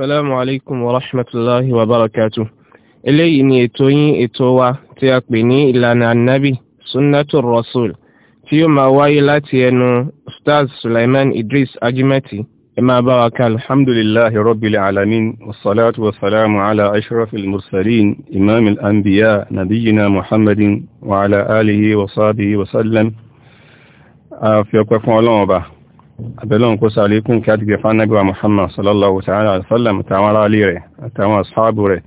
Assalamu alaikum wa rahmatullahi wa barakatuh. Eléyìí ni ètò yín ètò wa tí a pè ní ìlànà annabi Sunnatul Rasul tí yóò máa wáyé láti ẹnu Ustaz Sulaiman Idris Ajimati. Ẹ máa bá wa ká alhamdulillahi rabbil alamin wassalatu wassalamu ala ashrafil mursalin imamil anbiya nabiyyina Muhammadin wa ala alihi wa sahbihi wa sallam. A fi ọpẹ́ fún Ọlọ́run ọba abẹ́lọ́n kó sàlékún kí a ti gẹ̀fà nágbà Muhammad sallallahu ta'ala alfallam tàwọn ará alé rẹ̀ àtàwọn asáàbù rẹ̀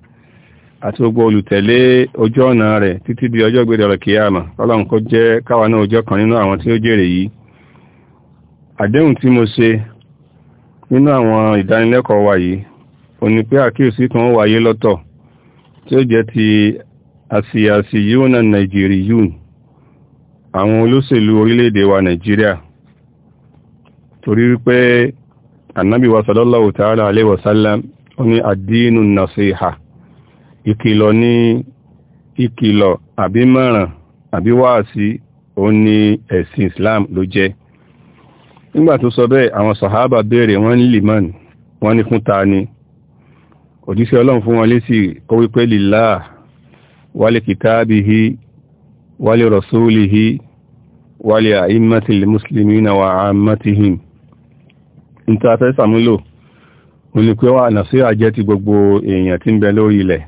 àti gbogbo olùtẹ̀lé ojú ọ̀nà rẹ̀ títí di ọjọ́ gbèrè ọ̀rọ̀ kìíyàmà ọlọ́run kó jẹ́ káwa náà ọjọ́ kan nínú àwọn tí ó jèrè yìí àdéhùn tí mo ṣe nínú àwọn ìdánilẹ́kọ̀ọ́ wa àwọn olóṣèlú orílẹ̀-èdè wa nàìjíríà torí wípé annabi wa sallallahu ta'ala alaihi onye ó ní àdínú nasiha ìkìlọ̀ ní ìkìlọ̀ àbí mọ̀ràn àbí wáàsí islam lo je. ngba tó sọ bẹ́ẹ̀ àwọn sàhábà béèrè liman won ní fún ta ni òjíṣẹ́ ọlọ́run fún wọn lésì ó wípé lillah wa li kitabihi wa li rasulihi wa li a'immatil muslimina wa ammatihim níta fẹ́ sàmúlò òun ni jẹ́ ti gbogbo èèyàn tí ń bẹ lórí ilẹ̀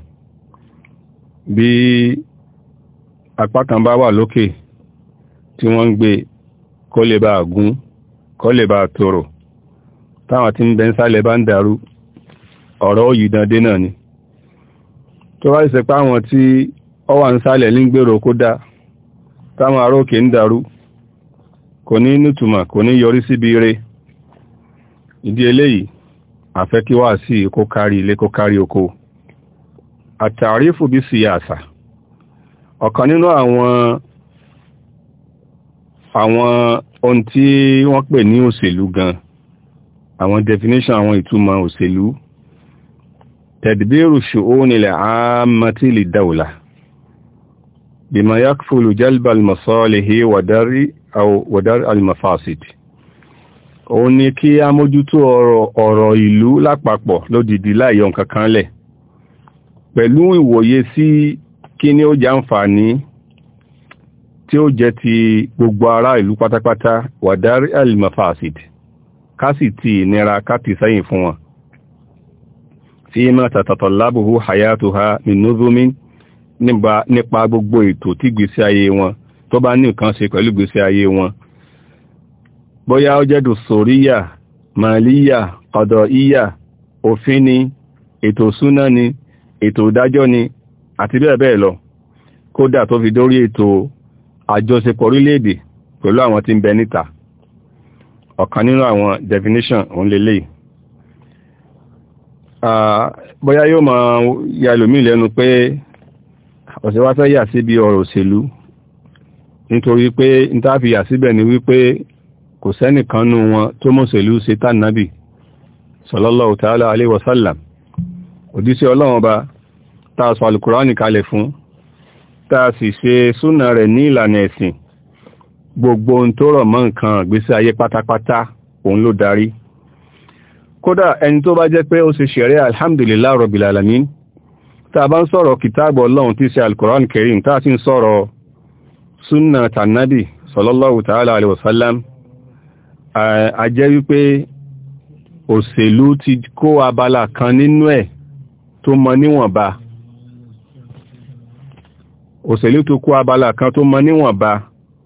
bí wà lókè tí wọ́n gbé kó lè bá gún kó lè bá tòrò táwọn tí ń bẹ ń bá ń dàrú ọ̀rọ̀ òyì náà ni tó wá ìsẹ̀pá àwọn tí ọ wà ń sálẹ̀ dàrú kò ní kò ní yọrí síbi ìdí eléyìí àfẹ́ kí wá sí kó kárí ilé kó kárí oko àtàrífù bí síyàsà ọ̀kan nínú àwọn àwọn ohun tí wọ́n pè ní òṣèlú gan àwọn definition àwọn ìtumọ̀ òṣèlú tẹ̀dìbírù ṣòónilẹ̀ àmàtí lè dáwòlà bima yakfulu jalbal masalihi wa dar al mafasid òun ni kí a mójútó ọ̀rọ̀ ìlú lápapọ̀ lódìdí láìyọ nǹkan kan lẹ̀ pẹ̀lú ìwòye sí kí ni ó jẹ́ àǹfààní tí ó jẹ́ ti gbogbo ará ìlú pátápátá wàdárí alimafasid ká ti ìnira ká ti sẹ́yìn fún wọn tí ma tàtàtà lábùhú hayatu ha minúzúmí nípa gbogbo ètò tí gbèsè ayé wọn tó bá ní nǹkan ṣe pẹ̀lú gbèsè ayé wọn bóyá ó jẹ́ dùsòríyà màlíyà kọ̀dọ̀íyà òfin ni ètò súná ni ètò ìdájọ́ àti bẹ́ẹ̀ bẹ́ẹ̀ lọ kódà tó fi dórí ètò àjọṣepọ̀ orílẹ̀-èdè pẹ̀lú àwọn tí ń bẹ níta ọ̀kan nínú àwọn definition òun lélẹ̀ bóyá yóò ya lẹ́nu pé yà síbi ọ̀rọ̀ òṣèlú nítorí pé tá fi yà síbẹ̀ kò sẹ́nìkan nú wọn tó mọ̀sẹ̀lú sí tánàbì sallallahu ta'ala alaihi wasallam òdíṣẹ́ ọlọ́run ọba tàà sọ alùkùránì kalẹ̀ fún tàà sì ṣe súnà rẹ̀ ní ìlànà ẹ̀sìn gbogbo ohun tó rọ̀ mọ́ nǹkan ìgbésí ayé pátápátá òun ló darí kódà ẹni tó bá jẹ́ pé ó ṣe ṣẹ̀rẹ́ alhamdulillah rabbil alamin tàà bá ń sọ̀rọ̀ kìtàbù ọlọ́run tí ṣe alùkùránì karim tàà sì ń sọ̀rọ̀ súnà tànàbì sallallahu ta'ala alaihi a jẹ́ wípé òṣèlú ti kó abala kan nínú ẹ̀ tó mọ níwọ̀nba òṣèlú tó kó abala kan tó mọ níwọ̀nba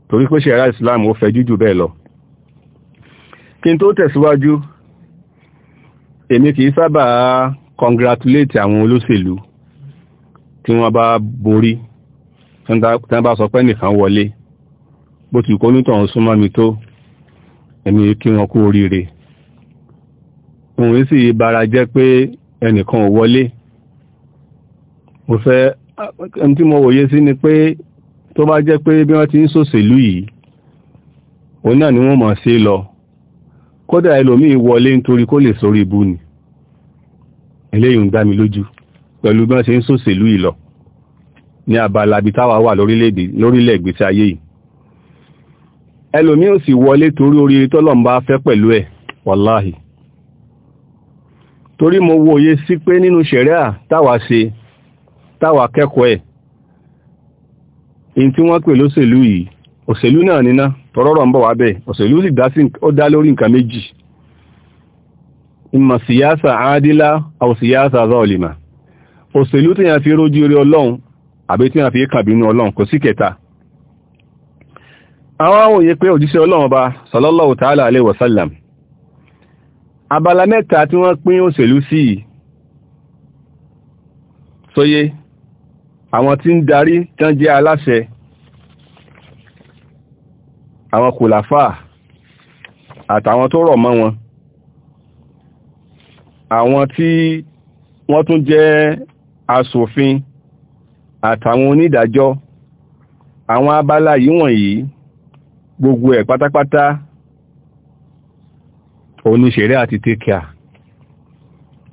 torí pé ṣẹ̀rá Islam ó fẹ́ jújù bẹ́ẹ̀ lọ kí n tó tẹ̀síwájú èmi kìí sábà congratulate àwọn olóṣèlú tí wọ́n bá borí tí wọ́n bá sọ pé nìkan wọlé bó ti kó nítọ̀ súnmọ́ mi tó ẹni kí wọn kú oríire òun sì bara jẹ́ pé ẹnìkan ò wọlé mo fẹ́ ẹni tí mo wòye sí ni pé tó bá jẹ́ pé bí wọ́n ti ń ṣòṣèlú yìí òun náà ni wọ́n mọ̀ sí lọ kódà ẹlòmíì wọlé nítorí kó lè sórí ibú ni eléyìí ń dá mi lójú pẹ̀lú bí wọ́n ṣe ń ṣòṣèlú yìí lọ ní abala ibi wà lórílẹ̀ ìgbésí ayé yìí ẹlòmí ò sì wọlé torí oríire tọ́lọ́run fẹ́ pẹ̀lú ẹ̀ wàláhì torí mo wo òye sí pé nínú ṣẹ̀ríà táwa ṣe táwa kẹ́kọ̀ọ́ ẹ̀ in tí wọ́n pè lóṣèlú yìí òṣèlú náà níná tọrọrọ̀ ń bọ̀ wá òṣèlú sì dá lórí nǹkan méjì ìmọ̀ síyásà àádílá àwọn síyásà zọ́ọ̀lìmà òṣèlú tí yàn fi rójú rí ọlọ́run àbí tí yàn fi kàbínú ọlọ́run kò sí kẹta àwọn àwòye pé òjíṣẹ́ ọlọ́run bá sallallahu ta'ala alaihi wasallam abala mẹ́ta tí wọ́n pín òṣèlú sí sóyé àwọn tí ń darí tán jẹ́ aláṣẹ àwọn kùlàfà àtàwọn tó rọ̀ mọ́ wọn àwọn tí wọ́n tún jẹ́ aṣòfin àtàwọn onídàájọ́ àwọn abala yìí gbogbo ẹ̀ pátápátá òun ni ṣẹ̀rẹ́ àti tẹ́kíà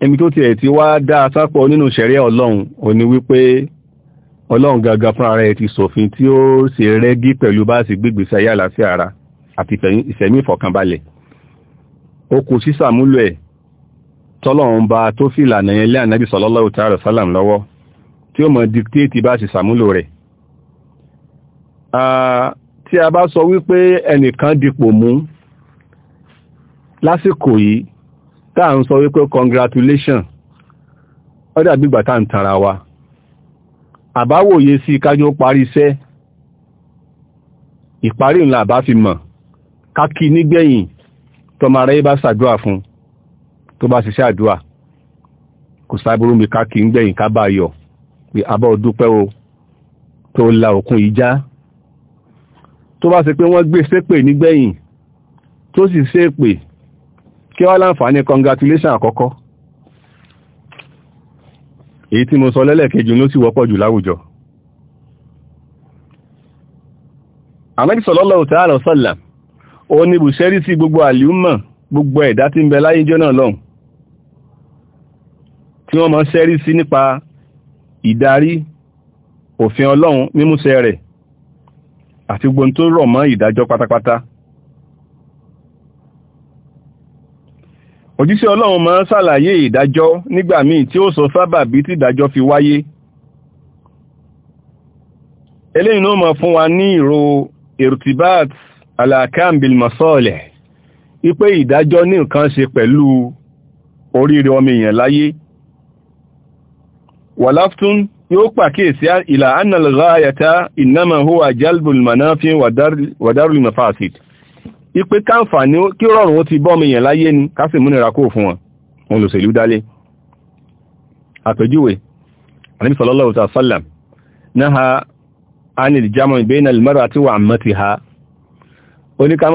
ẹmi tó tiẹ̀ ti wá dá sápọ̀ nínú ṣẹ̀rẹ́ ọlọ́run ò ní wípé ọlọ́run gangan fúnra rẹ̀ ti ṣòfin tí ó sì rẹ́gí pẹ̀lú bá sì gbígbèsè ayé àlàáfíà ara àti ìṣẹ̀mí ìfọ̀kànbalẹ̀ ó kù sí sàmúlò ẹ̀ tọ́lọ́run bá tó fi ìlànà yẹn lé ànábì sallallahu ta'ala sálàm lọ́wọ́ tí ó mọ̀ dictate bá sì sàmúlò rẹ̀ ah, tí a bá sọ wípé ẹnìkan dipò mú lásìkò yìí tá à ń sọ wípé congratulation ó dàbí ìgbà tá à ń tara wa àbáwòye sí kájú parí iṣẹ́ ìparí ńlá àbá fi mọ̀ kákí nígbẹ̀yìn tọmọ aráyé bá ṣàdúà fún tó bá ṣiṣẹ́ àdúà kò sáàbúrú mi kákí nígbẹ̀yìn ká bá yọ̀ pé abọ́ dúpẹ́ o tó la òkun ìjà tó bá ṣe pé wọ́n gbé ṣépè nígbẹ̀yìn tó sì ṣépè kí wá láǹfààní congratulation àkọ́kọ́ èyí tí mo sọ lẹ́lẹ́kejì ló sì wọ́pọ̀ jù láwùjọ àmẹ́jì sallallahu ta'ala wa sallam ó ní bùṣẹ́rí sí gbogbo àlìúmọ̀ gbogbo ẹ̀dá tí ń wọ́n mọ́ ṣẹ́rí sí nípa ìdarí òfin ọlọ́run mímúṣẹ rẹ̀ àti gbogbo tó rọ̀ mọ́ ìdájọ́ pátápátá òjíṣẹ́ ọlọ́run máa ń ṣàlàyé ìdájọ́ nígbà míì tí ó sọ sábàbí tí ìdájọ́ fi wáyé eléyìí ló máa fún wa ní ìrò irtibat alakam bil masalih ipe ìdájọ́ ní nǹkan ṣe pẹ̀lú oríire ọmọ èèyàn láyé wàláftún yóò pàkíyèsí ìlà annal ghayata innama huwa jalbul manafi wa darul mafasid ipe káǹfààní kí rọrùn ó ti bọ́mù èèyàn láyé ni kásì múnira kó fún wọn wọn lò sèlú dálé àpèjúwe Ànábì sallallahu alaihi wasallam naha anil jami' bayna al-mar'ati wa 'ammatiha ó ní ká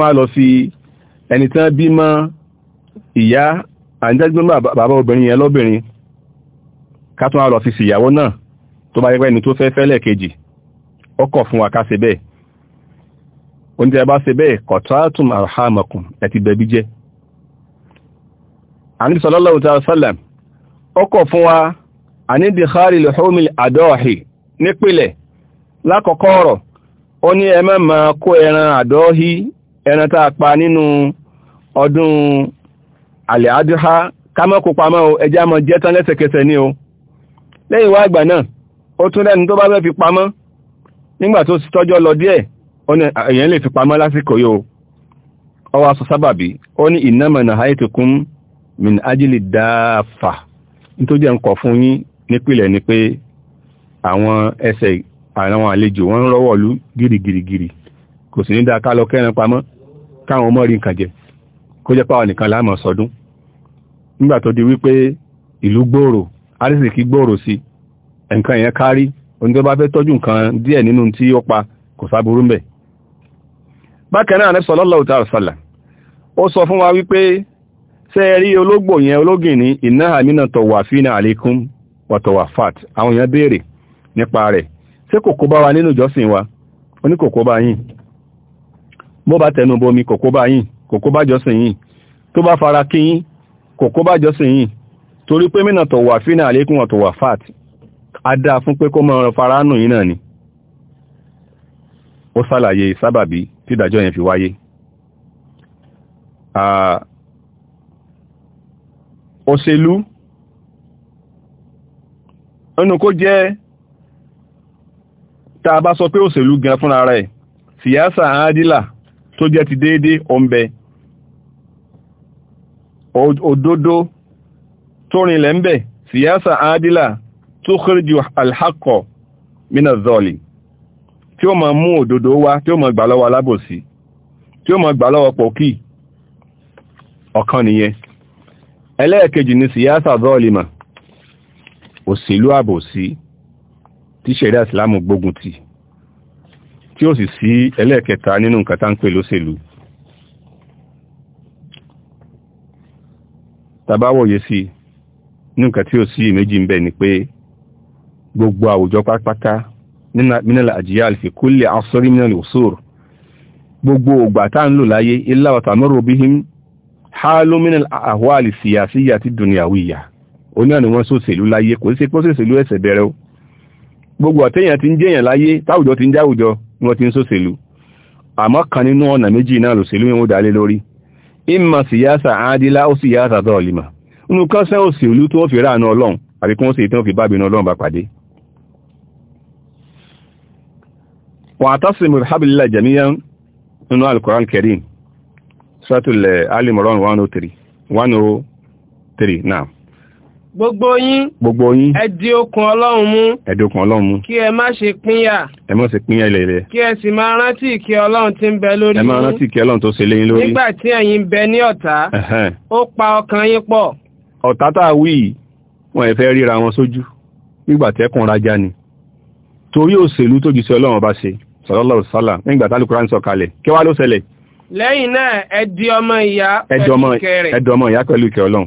má ẹni tán bí mọ́ ìyá àjẹ́gbọ́n bàbá obìnrin yẹn lóbìnrin ká tún á lọ fi síyàwó náà tó bá yẹ́pẹ́ ẹni tó fẹ́ fẹ́lẹ̀ kejì ọkọ̀ fún wa ká ṣe bẹ́ẹ̀ oúnjẹ bá ṣe bẹ́ẹ̀ kọ̀tọ́tún àrùhámọ̀kùn ẹ̀tì wa àníbi harry lehomil adọ́ọ̀hì nípìlẹ̀ lákọ̀ọ́kọ́ ọ̀rọ̀ ó ní ẹ má máa kó ẹran àdọ́ọ̀hì ẹran tá pa nínú ọdún alẹ́ adúhá kámọ́kù pamọ́ o ẹjẹ́ àmọ́ jẹ́ tán ní o lẹ́yìn wá àgbà náà ó tún rẹ́ni tó bá fẹ́ fi pamọ́ nígbà tó tọ́jọ́ lọ díẹ̀ èèyàn lè fi pamọ́ lásìkò yóò ọwọ́ sábàbí ó ní ìnámọ̀nà àìtìkún min ajílì dáàfà nítorí ẹ̀ fún yín ni pé àwọn ẹsẹ̀ àwọn àlejò gírígírígírí kò sì ní dáa ká lọ kẹ́rin pamọ́ káwọn kó jẹ́ páwọn nìkan láàmọ̀ sọdún nígbà tó di wípé ìlú gbòòrò arísìkí gbòòrò sí nǹkan ìyẹn kárí oní tó bá fẹ́ tọ́jú nǹkan díẹ̀ nínú tí ó pa kò sáburú mbẹ̀ bákan náà sallallahu sọ fún wa wípé rí ológbò yẹn ológìn ní iná àmínà àwọn èèyàn béèrè nípa wa nínú ìjọsìn wa oní bá kòkó bá jọ́sìn yìí tó bá fara kí yín kòkó bá jọ́sìn yìí torí pé mínà tọ̀wà fínà àlékún ọ̀tọ̀wà fat adá fún pé kó mọ̀ràn faránù yìí náà ni ó sàlàyé sábàbí tí ìdájọ́ yẹn fi wáyé òṣèlú ẹnu kó jẹ́ tá a bá sọ pé òṣèlú gan fúnra rẹ̀ síyásà àádìlà tó jẹ́ ti déédé ọmọbẹ̀ òdodo tó rinlẹ̀ ń bẹ̀ siyasa adila tó kérjú alhakọ mina zọlì tí ó ma mú òdodo wá tí ó ma gbà lọ́wọ́ alábòsí tí ó ma gbà lọ́wọ́ pọ̀kí ọ̀kan nìyẹn ẹlẹ́ẹ̀kejì ni siyasa zọlì mà òṣèlú àbòsí tí ṣẹ̀dá ìsìlámù gbógun ti tí ó sì sí ẹlẹ́ẹ̀kẹta nínú nǹkan tá ń pè lóṣèlú taba sí ní nǹkan tí ó sí méjì ń bẹ ni pé gbogbo àwùjọ pátápátá mínàlá àjíyá àlìfẹ́ kó lè asọ́rí gbogbo ògbà tá ń lò láyé ilá ọ̀tà mọ́rọ̀ bí him háló mínàlá àwọ̀ àlìsíyà sí ìyà tí dùnìyàwó ìyà oníwà ni wọ́n láyé kò sí gbogbo ọ̀tẹ́yàn ti ń jẹ́yàn láyé táwùjọ ti ń jáwùjọ ni wọ́n ti ń àmọ́ kan nínú ìmọ̀ síyásà àádílá ó síyásà dọ́ọ̀lìmà inú kan sẹ́ òsì olú tó fi ráàánú ọlọ́run àbí kí wọ́n sì tán fi bábinú ọlọ́run bá pàdé wà tásìmù hábìlá jẹ̀míyà nínú alkùnrán kẹrin sọ́tùlẹ̀ alìmọ̀rán 103 103 náà gbogbo yín gbogbo yín ẹ di okùn ọlọ́run mú ẹ di okùn ọlọ́run mú kí ẹ má ṣe pínyà ẹ má ṣe pínyà ilẹ̀ ilẹ̀ kí ẹ sì máa rántí ìkẹ́ ọlọ́run tí ń bẹ lórí yín ẹ máa rántí ìkẹ́ ọlọ́run tó ṣe léyìn lórí nígbà tí ẹ̀yin bẹ ní ọ̀tá ó pa ọkàn yín pọ̀ ọ̀tá tá a wí wọn ẹ̀ fẹ́ ríra wọn sójú nígbà tí ẹkùn rajá ni torí òṣèlú tó jù sí ọlọ́run bá ṣe sallallahu sálà nígbà sọ lẹ́yìn náà ẹ di ọmọ ìyá pẹ̀lú ìkẹ́ ẹ di ọmọ ìyá pẹ̀lú ìkẹ́ ọlọ́run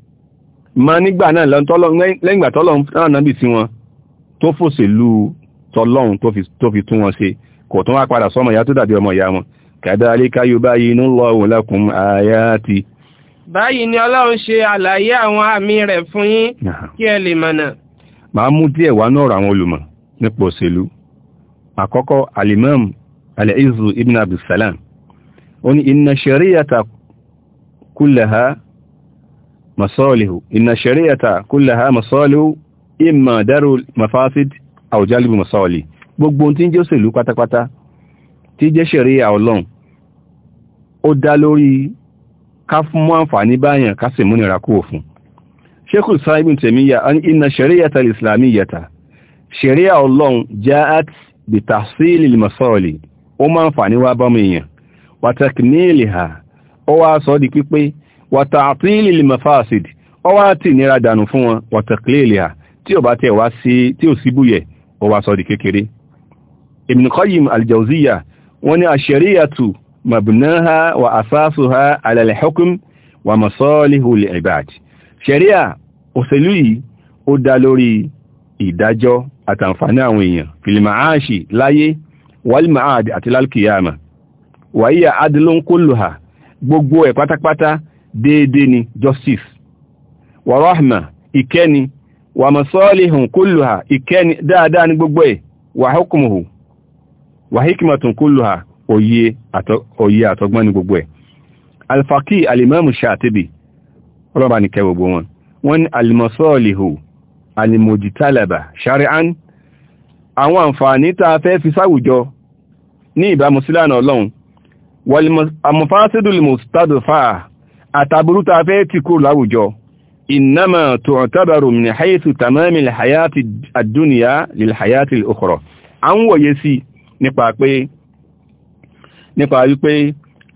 ma nígbà náà lẹ́yìngbà tọ́lọ́run náà nábì sí wọn tó fòṣèlú tọ́lọ́run tó fi tún wọn ṣe kò tún wá padà sọ́mọ ìyá tó dàbí ọmọ ìyá wọn kadhalika yubayyinullahu lakum ayati báyìí ni ọlọ́run ṣe àlàyé àwọn àmì rẹ̀ fún yín kí ẹ lè mọ̀nà máa mú díẹ̀ wá náà àwọn olùmọ̀ nípa òṣèlú àkọ́kọ́ alimam al-Izzu ibn Abdussalam ó ní inna shari'ata kullaha masalihu inna shari'ata kullaha masalihu imma darul mafasid aw jalbu masalih gbogbo ohun tí ń jẹ́ òṣèlú pátápátá tí jẹ́ ṣẹ̀ríà ọlọ́run ó dá lórí ká fún mọ́ àǹfààní báyàn ká sì múnira kú òfin ṣékùl sáìbìn tèmíyà inna shari'ata islamiyyata ṣẹ̀ríà ọlọ́run ja'at bi tahsilil masalih ó máa ń fà ní wá bọ́mọ wa takmiliha ó wá sọ di pípé wàtà àtìlì lè mafasid ọ wá tì nira dànù fún wọn wàtà kílèlìà tí ò bá tẹ̀ wá sí tí ò síbúyẹ̀ ó wá sọ di kékeré Ibn Qayyim al-Jawziyya wọ́n ní àṣẹríyàtù mabnaha wa asásuha ala al-hukm wa masalihu al-ibad ṣẹ̀ríà òṣèlú yìí ó dá lórí ìdájọ́ àtàǹfààní àwọn èèyàn fìlìmáàṣì láyé wàlìmáàdì àti lálkìyàmà wàíyà adìlóńkólùhà gbogbo ẹ̀ pátápátá déédé ni justice wà ìkẹ́ni wà masalihun kulluha ìkẹ́ni dáadáa ní gbogbo ẹ̀ wà hukmuhu wà hikmatun kulluha òye àtọgbọ́n ní gbogbo ẹ̀ alfaqi alimamu shatibi ọlọ́ba ní kẹ́ gbogbo wọn wọ́n ní àtàbúrú ta fẹ́ ti kúrò láwùjọ ìnámà tó ọ̀tàbàrò min haythu tamami alhayati ad-dunya lilhayati al-ukhra a ń wòye sí nípa pé nípa wípé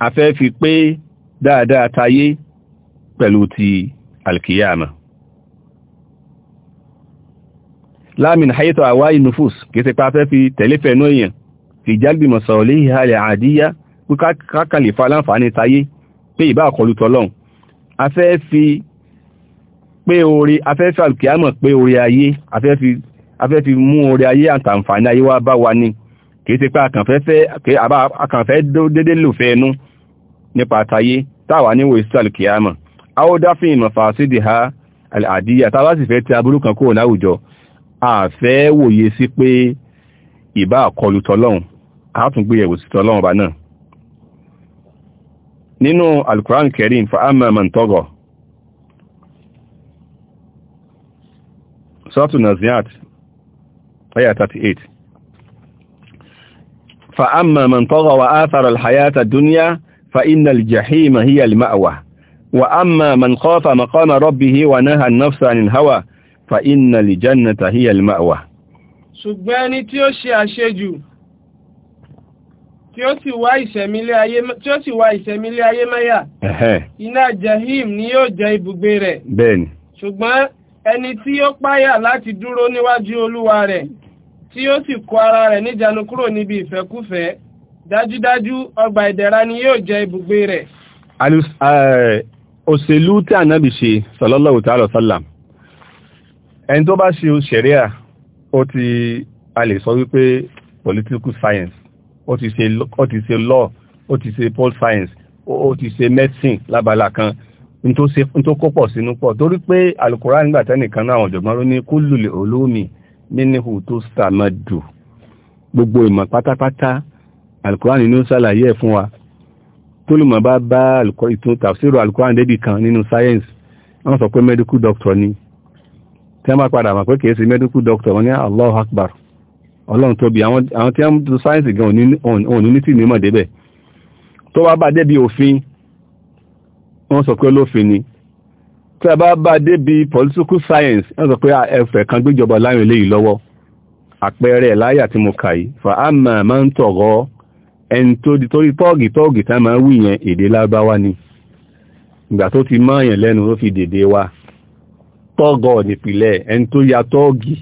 a fẹ́ fi pé dáadáa tayé pẹ̀lú ti alkiyama láàmìn haythu àwáyí nufus kìí ṣe fẹ́ fi tẹ̀lé fẹ̀nú èèyàn fi jálbìmọ̀ sọ̀rọ̀ léhìí pé ìbá àkọlù tọ́lọ́hun afẹ́ fi pé orí afẹ́ fi alùkìámọ̀ pé orí ayé afẹ́ fi mú orí ayé àtàǹfààní ayé wá bá wa ní kìí ṣe pé àkànfẹ́ dédé lòfẹ́ ẹnu nípa àtayé táwà níwò ìsú alùkìámọ̀ áwọ́dáfin ìmọ̀fàásídì ha àdíyà tàbá sì fẹ́ ti aburú kan kúrò láwùjọ àfẹ́ wòye sí pé ìbá àkọlù tọ́lọ́hun nínú alkùránì kẹrin fa amma man tọ́gọ̀ sọ́tù naziat ayà 38 fa amma man tọ́gọ̀ wa áthara alhayata duniya fa inna aljahima hiya alma'wa wa amma man khafa maqama rabbihi wa naha an-nafsa 'anil hawa fa inna aljannata hiya alma'wa ṣùgbọ́n ẹni tí ó ṣe àṣejù tí ó sì wá ìṣẹ̀mílé ayé máyà iná jahim ni yóò jẹ ibùgbé rẹ̀ bẹ́ẹ̀ni ṣùgbọ́n ẹni tí ó páyà láti dúró níwájú olúwa rẹ̀ tí ó sì kó ara rẹ̀ níjànú kúrò níbi ìfẹ́kúfẹ́ dájúdájú ọgbà ìdẹ̀ra ni yóò jẹ ibùgbé rẹ̀ eh, òṣèlú tí ànábì ṣe sallallahu ta'ala sallam ẹni tó bá ṣe ṣẹ̀ríà ó ti a lè sọ political science ó ti ṣe law ó ti ṣe pol science ó ti ṣe medicine lábala kan n tó kó pọ̀ sínú pọ̀ torí pé alukóra nígbà tẹ́nìkan náà àwọn ọ̀jọ̀gbọ́n ló ní kullu ulumi minhu tustamadu gbogbo ìmọ̀ pátápátá alukóra nínú ṣàlàyé ẹ̀ fún wa tólùmọ̀ bá bá ìtún tàfsírò alukóra débì kan nínú science wọ́n sọ pé medical doctor ni tí wọ́n bá padà mọ̀ pé kìí ṣe medical doctor wọ́n ní Allahu Akbar ọlọ́run tóbi àwọn tí a ń tó sáyẹ̀nsì gan òní ní tí nímọ̀ débẹ̀ tó wá bá débi òfin wọ́n sọ pé olófin ni tó bá bá débi political science wọ́n sọ pé ẹfẹ̀ kan gbéjọba láyìn eléyìí lọ́wọ́ àpẹẹrẹ láyà tí mo kà yìí fa àmà máa ń tọ̀rọ ẹni tó di torí tọ́ọ̀gì tọ́ọ̀gì tá máa ń wí yẹn èdè lábáwá ni ìgbà tó ti máa yẹn lẹ́nu ló fi dèdè wa tọ́gọ̀ nípìnlẹ̀ ẹni tó ya tọ́ọ̀gì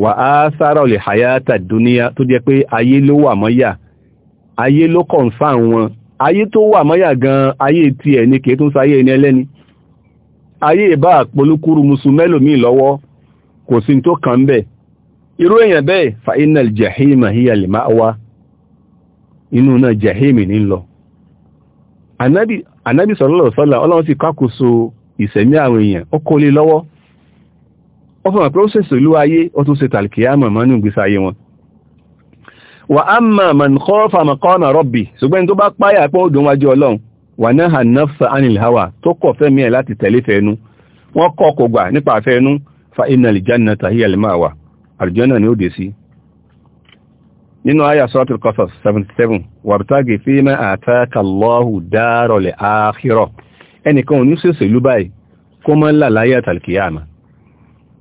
wà á sára olè hayata dúníà tó jẹ́ pé ayé ló wà mọ́yà ayé ló kọ̀ǹfàn wọn ayé tó wà mọ́yà gan ayé ti ẹ̀ ní kìí tún sáyé ẹni ẹlẹ́ni ayé ìbá musu mùsùmẹ́lòmí lọ́wọ́ kò sí tó kàn ń bẹ̀ irú èèyàn bẹ́ẹ̀ fa iná jahima hiya lè máa wá inú náà jahimi ní lọ anábì sọ̀rọ̀lọ̀ sọ́là ọlọ́run ti kákòóso ìsẹ̀mí àwọn èèyàn ó kó lé lọ́wọ́ ó fún àprósẹ̀sì ìlú ayé ó tún ṣe tàlkìyàmọ̀ mọ́ ní ìgbésà ayé wọn wà á mọ̀ mọ̀n kọ́ọ̀fà mọ̀kọ́ọ̀nà rọ́bì ṣùgbọ́n tó bá páyà pé ó dùn wájú ọlọ́run wà náà hàn náfà anil hawa tó kọ̀ fẹ́mi ẹ̀ láti tẹ̀lé fẹ́nu wọ́n kọ́ kò gbà nípa fẹ́nu fa iná lìjánà tàhí alimáwa àrùjọ́nà ni ó ẹnìkan ò ní sèṣèlú báyìí kó mọ́ ńlá láyé àtàlkìyàmà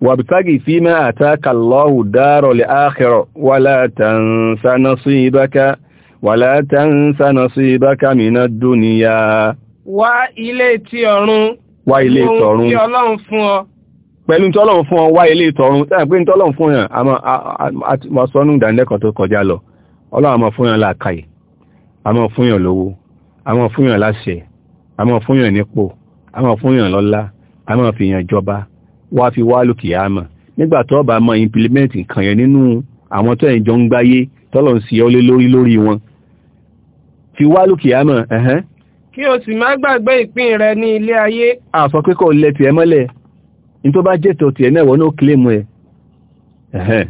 وابتغ فيما آتاك الله دار الآخرة ولا تنس نصيبك ولا تنس نصيبك من الدنيا wá ilé ti ọ̀run wá ilé tọ̀run tí Ọlọ́run fún ọ pẹ̀lú tí Ọlọ́run fún ọ wá ilé tọ̀run tẹ́ pé tí Ọlọ́run fún yàn àmọ́ sọ́nù ìdánilẹ́kọ̀ọ́ tó kọjá lọ Ọlọ́run àmọ́ fún yàn làákàyè àmọ́ fún yàn lówó àmọ́ fún yàn láṣẹ àmọ́ fún yàn fi yàn jọba wá fi wá lókè àmà nígbà tó bá mọ implement nǹkan yẹn nínú àwọn tó ẹ̀jọ ń gbáyé tọ́lọ̀ ń sí ọ lé lórí lórí wọn fi wá lókè àmà ẹ̀hẹ́n. kí o sì má gbàgbé ìpín rẹ ní ilé ayé. àsọ pé kò lẹ tiẹ̀ mọ́lẹ̀ ní tó bá jẹ́tọ̀ tiẹ̀ náà wọ́n ó claim ẹ̀ ẹ̀hẹ́n.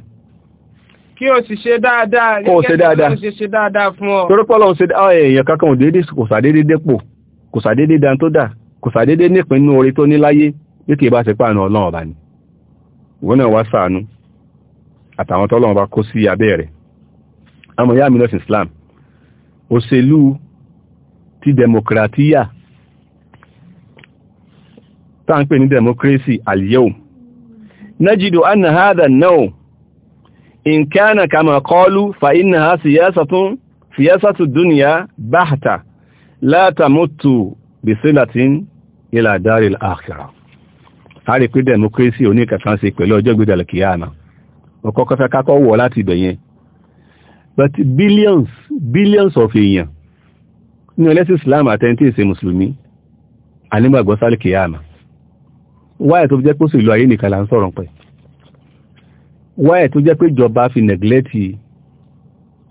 kí o sì ṣe dáadáa kó ṣe dáadáa kó o ṣe dáadáa fún ọ. torí pọ́lọ́ ṣe èèyàn kankan ò déédéé kò sàdédé dépò kò sàdédé dan dà kò sàdédé nípínú orí tó ní láyé bí kìí bá ṣe páànù ọlọ́run ọba ni ìwọ náà wá ṣàánú àtàwọn tọ́lọ́run ọba kó sí abẹ́ rẹ̀ àmọ́ yá mi lọ́sìn Islam òṣèlú ti democratia tá ń pè ní democracy al-yawm najidu anna hadha an-naw in kana kama qalu fa innaha a rí pé democracy oníkàtà ṣe pẹ̀lú ọjọ́ gbédàlẹ̀ kìíyàmà ọkọ̀ kọfẹ́ kákọ́ wọ̀ láti ibẹ̀ but billions billions of èèyàn ní ẹlẹ́sìn Islam àtẹ́ntí ìṣe mùsùlùmí anígbàgbọ́ sálì kìíyàmà wáyẹ̀ tó jẹ́ pé sí ìlú ayé nìkan là ń sọ̀rọ̀ pẹ̀ wáyẹ̀ tó jẹ́ pé ìjọba fi nẹ̀gílẹ́tì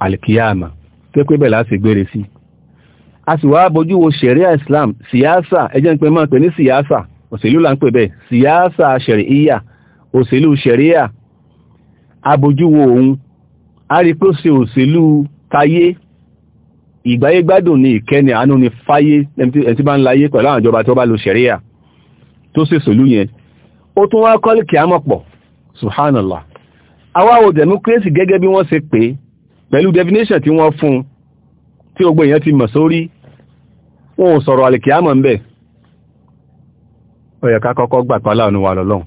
alìkìíyàmà tó pé bẹ́ẹ̀ láti gbére sí a sì wá bójú wo ṣẹ̀ríà Islam siyasa, ẹjẹ́ ń pẹ́ máa pè ní síyáṣà òṣèlú là ń pè bẹ́ẹ̀ síyáàsà ṣẹ̀ríyà òṣèlú ṣẹ̀ríyà abojúwo òun a rí pé ó ṣe òṣèlú tayé ìgbáyégbádùn ni ìkẹ́ni àánú ni fáyé ẹ̀tí bá ń láyé pẹ̀lú àwọn ìjọba tó bá lo ṣẹ̀ríyà tó ṣe sòlú yẹn ó tún wá kọ́lì kí á mọ̀ pọ̀ subhanallah awáwo democracy gẹ́gẹ́ bí wọ́n ṣe pé pẹ̀lú definition tí wọ́n fún tí gbogbo èèyàn ti mọ̀ sórí wọn ò sọ̀rọ̀ àlìkíámọ̀ ń bẹ̀ ó yẹ ká kọ́kọ́ gbà pálá ọ̀nà wà lọ́lọ́run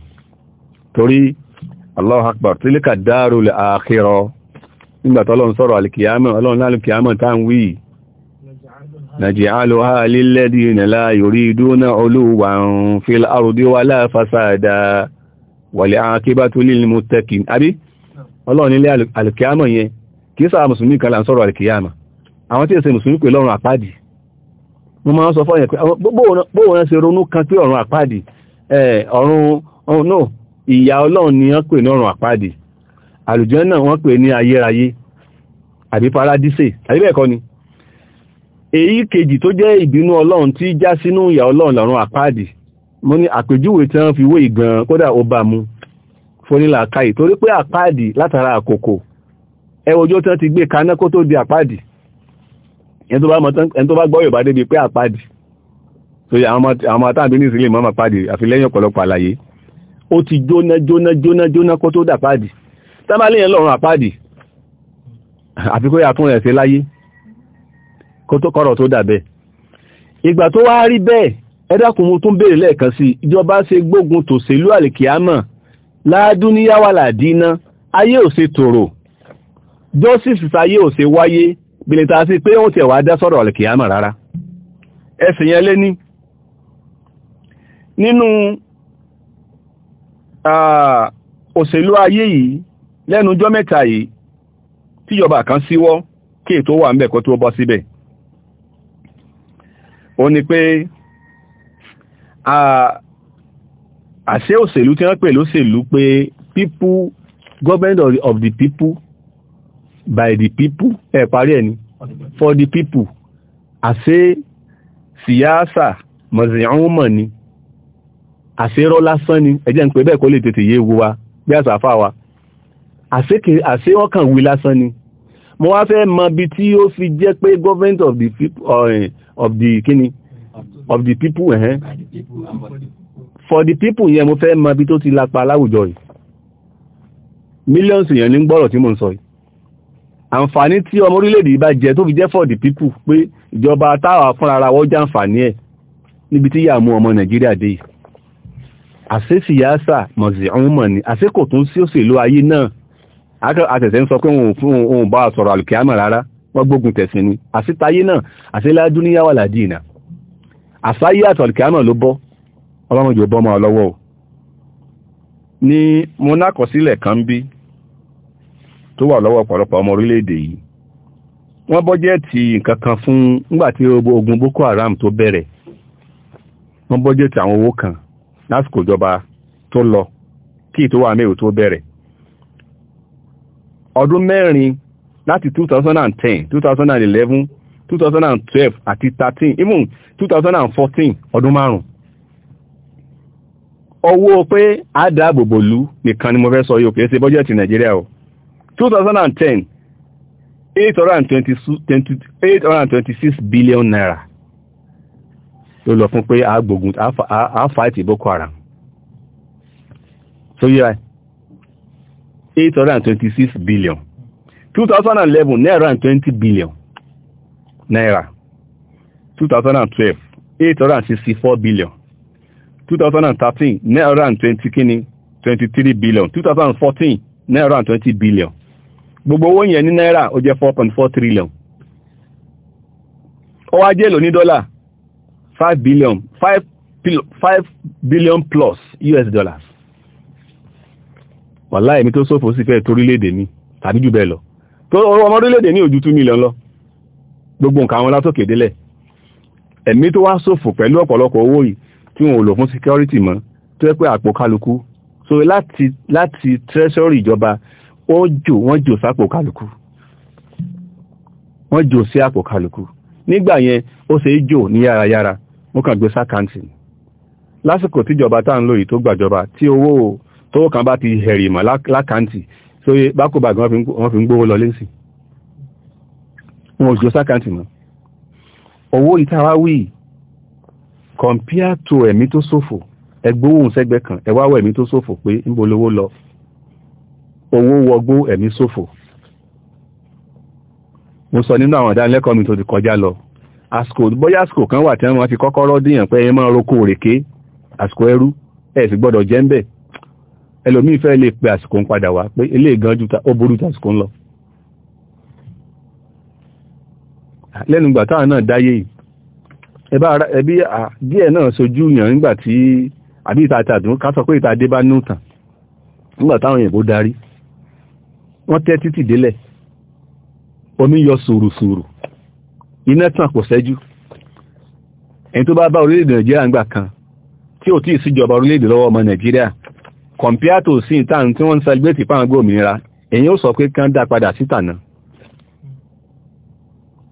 torí Allahu Akbar tilka darul akhirah nígbà tọ́lọ́run sọ̀rọ̀ alìkìyàmọ̀ ọlọ́run náà alìkìyàmọ̀ tá ń wí naj'aluha lilladhina la yuriduna uluwan fil ardi wala fasada wal aqibatu lil muttaqin àbí ọlọ́run ilé alìkìyàmọ̀ yẹn kìí mo máa ń sọ fọ́yẹ̀ pé bóò rán ṣe ronú kan pé ọ̀run àpáàdì ọ̀run ọ̀nà ìyà ọlọ́run ni wọ́n pè ní ọ̀run àpáàdì àlùjànnà wọ́n pè ní ayérayé àbí paradíṣe àbí ni èyí kejì tó jẹ́ ìbínú ọlọ́run tí já sínú ìyà ọlọ́run lọ́run àpáàdì mo ní àpèjúwe tí wọ́n fi wé ìgan kódà ó bá mu fónílà káì torí pé àpáàdì látara àkókò ẹwọ́jọ́ tí wọ́n ti àpáàdì ẹni tó bá gbọ́ Yorùbá débi pé àpáàdì so àwọn àtàbí ní ìsìnlẹ̀ mọ́mà pàdì àfi lẹ́yìn ọ̀pọ̀lọpọ̀ àlàyé ó ti jóná jóná jóná jóná kó tó dà pàdì tábàlẹ́yìn lọ́rùn àpáàdì àfi kó yàtún rẹ̀ sí láyé kó tó kọ́rọ̀ tó dà bẹ́ẹ̀ ìgbà tó wá rí bẹ́ẹ̀ ẹ̀dàkùn mo tún béèrè lẹ́ẹ̀kan sí ìjọba ṣe gbógun tòṣèlú àlìkíámà láàdúníyáwà làdínà ayé ò ṣe tòrò Joseph ayé ò wáyé bìlìtà sí pé ó tẹ̀ wá dá sọ̀rọ̀ alìkìyàmà rárá ẹ̀sìn yẹn lé ní nínú òṣèlú ayé yìí lẹ́nu jọ́ mẹ́ta yìí tíjọba kan síwọ́ kí ètò wà ńbẹ̀ kó tó bọ́ síbẹ̀ ó ní pé àṣẹ òṣèlú tí wọ́n pè lóṣèlú pé people government of the people by the people ẹ parí ẹ̀ ni for the people àṣẹ síyáàsà mọ̀síhánmọ̀ ni àṣẹ́rọ́ lásán ni ẹjẹ́ ń pè bẹ́ẹ̀ kó lè tètè yé wu wa bí àṣàfà wa àṣẹ́ wọ́n kàn wí lásán ni mo wá fẹ́ mọ bí tí ó fi jẹ́ pé government of the people eh, of the kini of the people ẹ̀hẹ́n eh, eh. for the people yẹn mo fẹ́ mọ bí tó ti lápa láwùjọ yìí millions èèyàn ní gbọ́rọ̀ tí mo ń sọ yìí àǹfààní tí ọmọ orílẹ̀-èdè bá jẹ tó fi jẹ́ for the people pé ìjọba táwa fúnra ara wọ́n jẹ́ àǹfààní ẹ̀ níbi tí yà mú ọmọ nàìjíríà dé àṣé síyáṣà mọ̀sí ọ̀hún mọ̀ ní àṣé kò tún sí òṣèlú ayé náà àtẹ̀sẹ̀ ń sọ pé òun bá sọ̀rọ̀ àlùkìyàmọ̀ rárá wọ́n gbógun tẹ̀sìn ni àṣítayé náà àṣíláàdú níyàwó àlàdí ìnà àṣáyé àtọ̀lùkìyàmọ̀ ló bọ́ ọlọ́mọjò bọ́ mọ́ ọlọ́wọ́ ní mo nákọsílẹ̀ kan bí tó wà lọ́wọ́ ọ̀pọ̀lọpọ̀ ọmọ orílẹ̀-èdè yìí wọ́n bọ́jẹ́ẹ̀tì nǹkan kan fún ngbàtí ogun Boko Haram tó bẹ̀rẹ̀ wọ́n bọ́jẹ́ẹ̀tì àwọn owó kan lásìkò ìjọba tó lọ kí tó wà mẹ́rù tó bẹ̀rẹ̀ ọdún mẹ́rin láti 2010 2011 2012 àti 13 even 2014 ọdún márùn owó pé nìkan ni mo fẹ́ sọ yóò kìí ṣe bọ́jẹ́ẹ̀tì Nàìjíríà o 2010 826 billion naira ló lọ fún pé agbógun fight Boko Haram so yíra 826 billion 2011 naira 20 billion naira 2012 864 billion 2013 naira 20 kini 23 billion 2014 naira 20 billion gbogbo owó yẹn ní náírà ó jẹ́ 4.4 trillion ó wá jẹ́ èlò ní dọ́là 5 billion 5, billion plus US dollars wàlá èmi tó sófò sí fẹ́ torílẹ̀-èdè mi tàbí jù bẹ́ẹ̀ lọ tó ọmọ orílẹ̀-èdè ní ojú 2 million lọ gbogbo nǹkan àwọn látòkè délẹ̀ ẹ̀mí tó wá sófò pẹ̀lú ọ̀pọ̀lọpọ̀ owó yìí tí wọn ò lò fún security mọ́ tó yẹ pé àpò kálukú so láti láti treasury ìjọba ó jò wọ́n jò sápò kálukú wọ́n jò sí àpò kálukú nígbà yẹn ó ṣe é jò ní yárayára wọ́n kàn gbé sákàǹtì lásìkò tíjọba tá ń lò yìí tó gbàjọba tí owó tówó kan bá ti hẹ̀rì mọ̀ lákàǹtì sóye bákòbàgì wọ́n fi ń gbówó lọ lẹ́sìn wọn jò sákàǹtì mọ́ owó ìtawáwí compare to ẹ̀mí tó ṣòfò ẹgbówó sẹ́gbẹ́ kan ẹwáwọ̀ ẹ̀mí tó ṣòfò pé ń bolówó lọ owó wọgbó ẹ̀mí ṣòfò mo sọ nínú àwọn ìdánilẹ́kọ̀ọ́ mi tó ti kọjá lọ àsìkò bóyá àsìkò kan wà tí wọ́n fi kọ́kọ́rọ́ dìyàn pé ẹyẹ máa roko òrèké àsìkò ẹrú ẹ̀ sì gbọ́dọ̀ jẹ́ ń bẹ̀ ẹlòmíì fẹ́ lè pe àsìkò ń padà wá pé ilé ìgan ju ó burú ju àsìkò ń lọ lẹ́nu ìgbà táwọn náà dáyé ẹbí díẹ̀ náà sojú yàn nígbà tí àbí ìta àtàdún ká sọ pé ìta dé bá nùtàn nígbà táwọn òyìnbó darí wọ́n tẹ́ títì délẹ̀ omi yọ sùrùsùrù iná tàn kò sẹ́jú ẹni tó bá bá orílẹ̀-èdè nàìjíríà ń gbà kan tí ò tí ì síjọba orílẹ̀-èdè lọ́wọ́ ọmọ nàìjíríà kọ̀mpíátò sí ìtàn tí wọ́n ń sẹlẹ̀gbẹ́tì fáwọn òmìnira èyí ó sọ pé kán dá padà sí tànà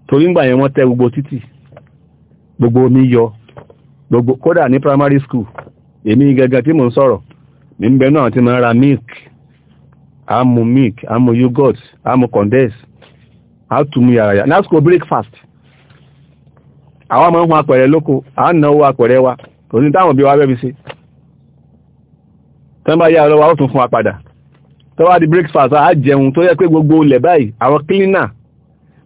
torí ń gbà yẹn wọ́n tẹ́ gbogbo títì gbogbo omi yọ gbogbo kódà ní primary school èmi gangan tí mò ń sọ̀rọ̀ mi ń bẹ náà ti máa ra milk a mu milk a mu yogurt a mu condense a tún mu yàrá yàrá lásìkò breakfast àwọn ọmọ ohun apẹ̀rẹ̀ lóko a náwó apẹ̀rẹ̀ wa kò ní táwọn bí wa bẹ́bi sí tán bá yá ọlọ́wà ó tún fún wa padà tó wá di breakfast a jẹun tó yẹ pé gbogbo ilẹ̀ báyìí àwọn cleaner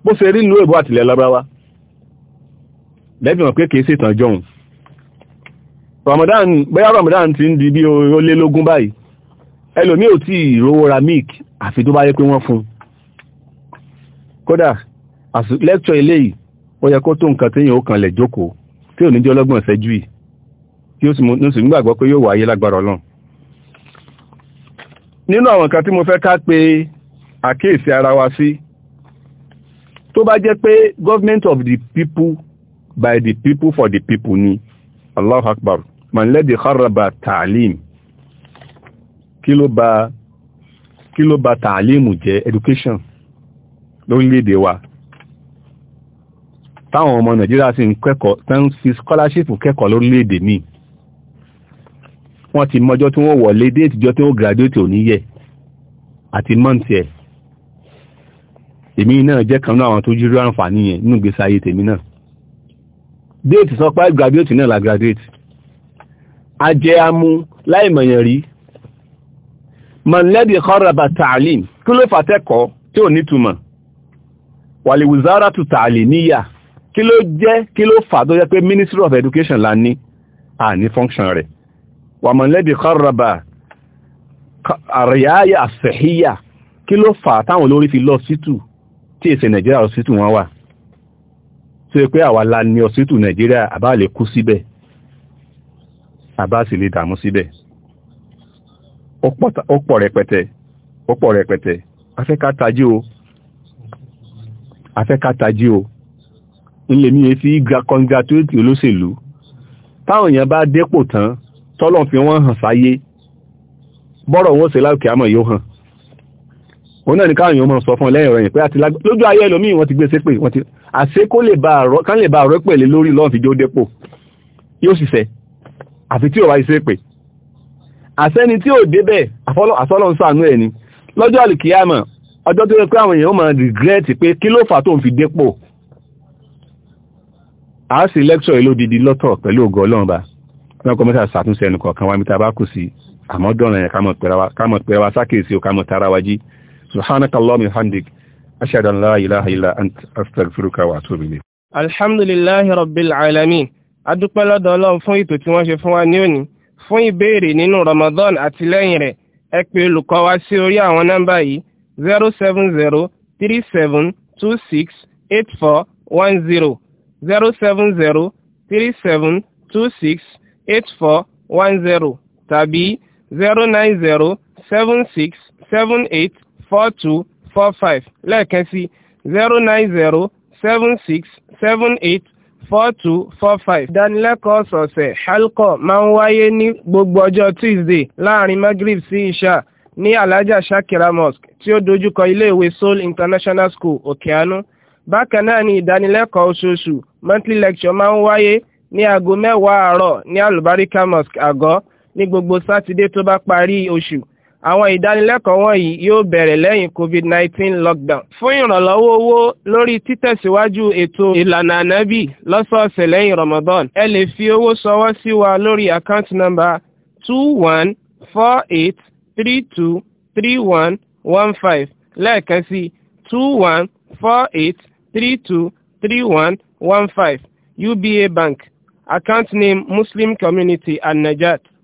bó ṣe rí ìlú èbó àtìlẹ̀ lọ́bàá wa lẹ́bìmọ̀ pé kìí ṣètàn jọun Ramadan bóyá Ramadan ti ń di bí ó lé lógún báyìí ẹlòmí ò tí ìrówó ra milk àfi tó bá yẹ pé wọ́n fún kódà lẹ́kṣọ́ ilé yìí ó yẹ kó tó nǹkan tí yìí ó kan lẹ̀ jókòó tí ò ní jẹ́ ọlọ́gbọ̀n ṣẹ́jú yìí tí ó sì gbàgbọ́ pé yóò wáyé lágbára ọlọ́run nínú àwọn kan tí mo fẹ́ ká pe àkíyèsí ara wa sí tó bá jẹ́ pé government of the people by the people for the people ni Allah Akbar man lẹ́dí kharaba ta'lim kí ló bà kí tààlímù jẹ́ education lórílẹ̀-èdè wa táwọn ọmọ nàìjíríà sì ń kẹ́kọ̀ọ́ tán fi scholarship kẹ́kọ̀ọ́ lórílẹ̀-èdè míì wọ́n ti mọjọ́ tí wọ́n wọlé dé ìtìjọ́ tí wọ́n graduate ò ní yẹ àti month ẹ̀ èmi náà jẹ́ kan náà àwọn tó jírí àǹfààní yẹn nínú ìgbésí ayé tèmi náà déètì sọ pé graduate náà la graduate a jẹ amú láìmọ̀yàn rí mọ̀lẹ́bí kọ́rọ̀bà tààlìm kí ló fàtẹ́kọ̀ọ́ tí nituma nítumọ̀ wàlìwìzára tu tààlìmíyà kí ló kilo kí ló fà tó jẹ́ ministry of education la ní à ní function rẹ̀ wà mọ̀lẹ́bí kọ́rọ̀bà àríyáyà àṣẹ̀híyà kí ló fà táwọn olórí fi lọ sítù tí èsè nàìjíríà lọ sítù wọn wà tó yẹ pé àwa la ní ọsítù nàìjíríà àbá lè kú síbẹ̀ àbá sì lè dààmú síbẹ̀ ó pọ̀ rẹpẹtẹ ó pọ̀ rẹpẹtẹ afẹ́kátají o afẹ́kátají o ilé mi fi gba kọngratúrétì olóṣèlú táwọn èèyàn bá dépò tán tọ́lọ̀ fi wọ́n hàn sáyé bọ́rọ̀ wọn ṣe láòkè àmọ́ yóò hàn òun náà ni káwọn èèyàn mọ̀ sọ fún ẹlẹ́yìn rẹ̀yìn pé àti lójú ayé ẹlòmíì wọ́n ti gbé sépè wọ́n ti àṣé kó lè bá àrọ́ kán lè bá àrọ́ pèlè lórí lọ́n fi jó dépò yóò sì fẹ́ àfi tí ò wáyé sépè àsẹ́ni tí ò débẹ̀ àfọ́lọ́n sànú ẹ̀ ni lọ́jọ́ àlìkìyàmọ̀ ọjọ́ tó yẹ pé àwọn èèyàn ó máa regret pé kí ló fà tó ń fi dépò a sì lecture ìlódìdí lọ́tọ̀ pẹ̀lú ògo ọlọ́run ba wọn kọ́ wa mẹ́ta bá kù sí àmọ́ dọ̀nà yẹn ká mọ̀ pẹ̀rẹ̀ ilaha illa ant astaghfiruka wa atubu ilayk alhamdulillahi rabbil alamin adúpẹ́ lọ́dọ̀ ọlọ́run fún ètò tí wọ́n ṣe fún wa ní òní fún ìbéèrè nínú Ramadan àti lẹ́yìn rẹ̀ ẹ pè olùkọ́ wa sí orí àwọn nọ́mbà yìí zero seven zero three seven two six eight four one zero zero seven zero three seven two six eight four one zero tàbí zero nine zero seven six seven eight four two four five lẹ́ẹ̀kan sí zero nine zero seven six seven eight four two four five ìdánilẹ́kọ̀ọ́ ọ̀sọ̀ọ̀sẹ̀ halkọ máa ń wáyé ní gbogbo ọjọ́ tuesday láàrin magrib sí isha ní alhaja shakira mosque tí ó dojúkọ iléèwé seoul international school òkèánú bákan náà ni ìdánilẹ́kọ̀ọ́ oṣooṣù monthly lecture máa ń wáyé ní aago mẹ́wàá àárọ̀ ní alubarika mosque àgọ́ ní gbogbo sátidé tó bá parí oṣù àwọn ìdánilẹ́kọ̀ọ́ wọ̀nyí yóò bẹ̀rẹ̀ lẹ́yìn covid-19 lockdown. fún ìrànlọ́wọ́ owó lórí títẹ̀síwájú ètò ìlànà ànábì lọ́sọ̀ọ̀sẹ̀ lẹ́yìn ramadan ẹ lè fi owó ṣọwọ́ sí wa lórí account number two one four eight three two three one one five lẹ́ẹ̀kan sí two one four eight three two three one one five uba bank account name muslim community and najat.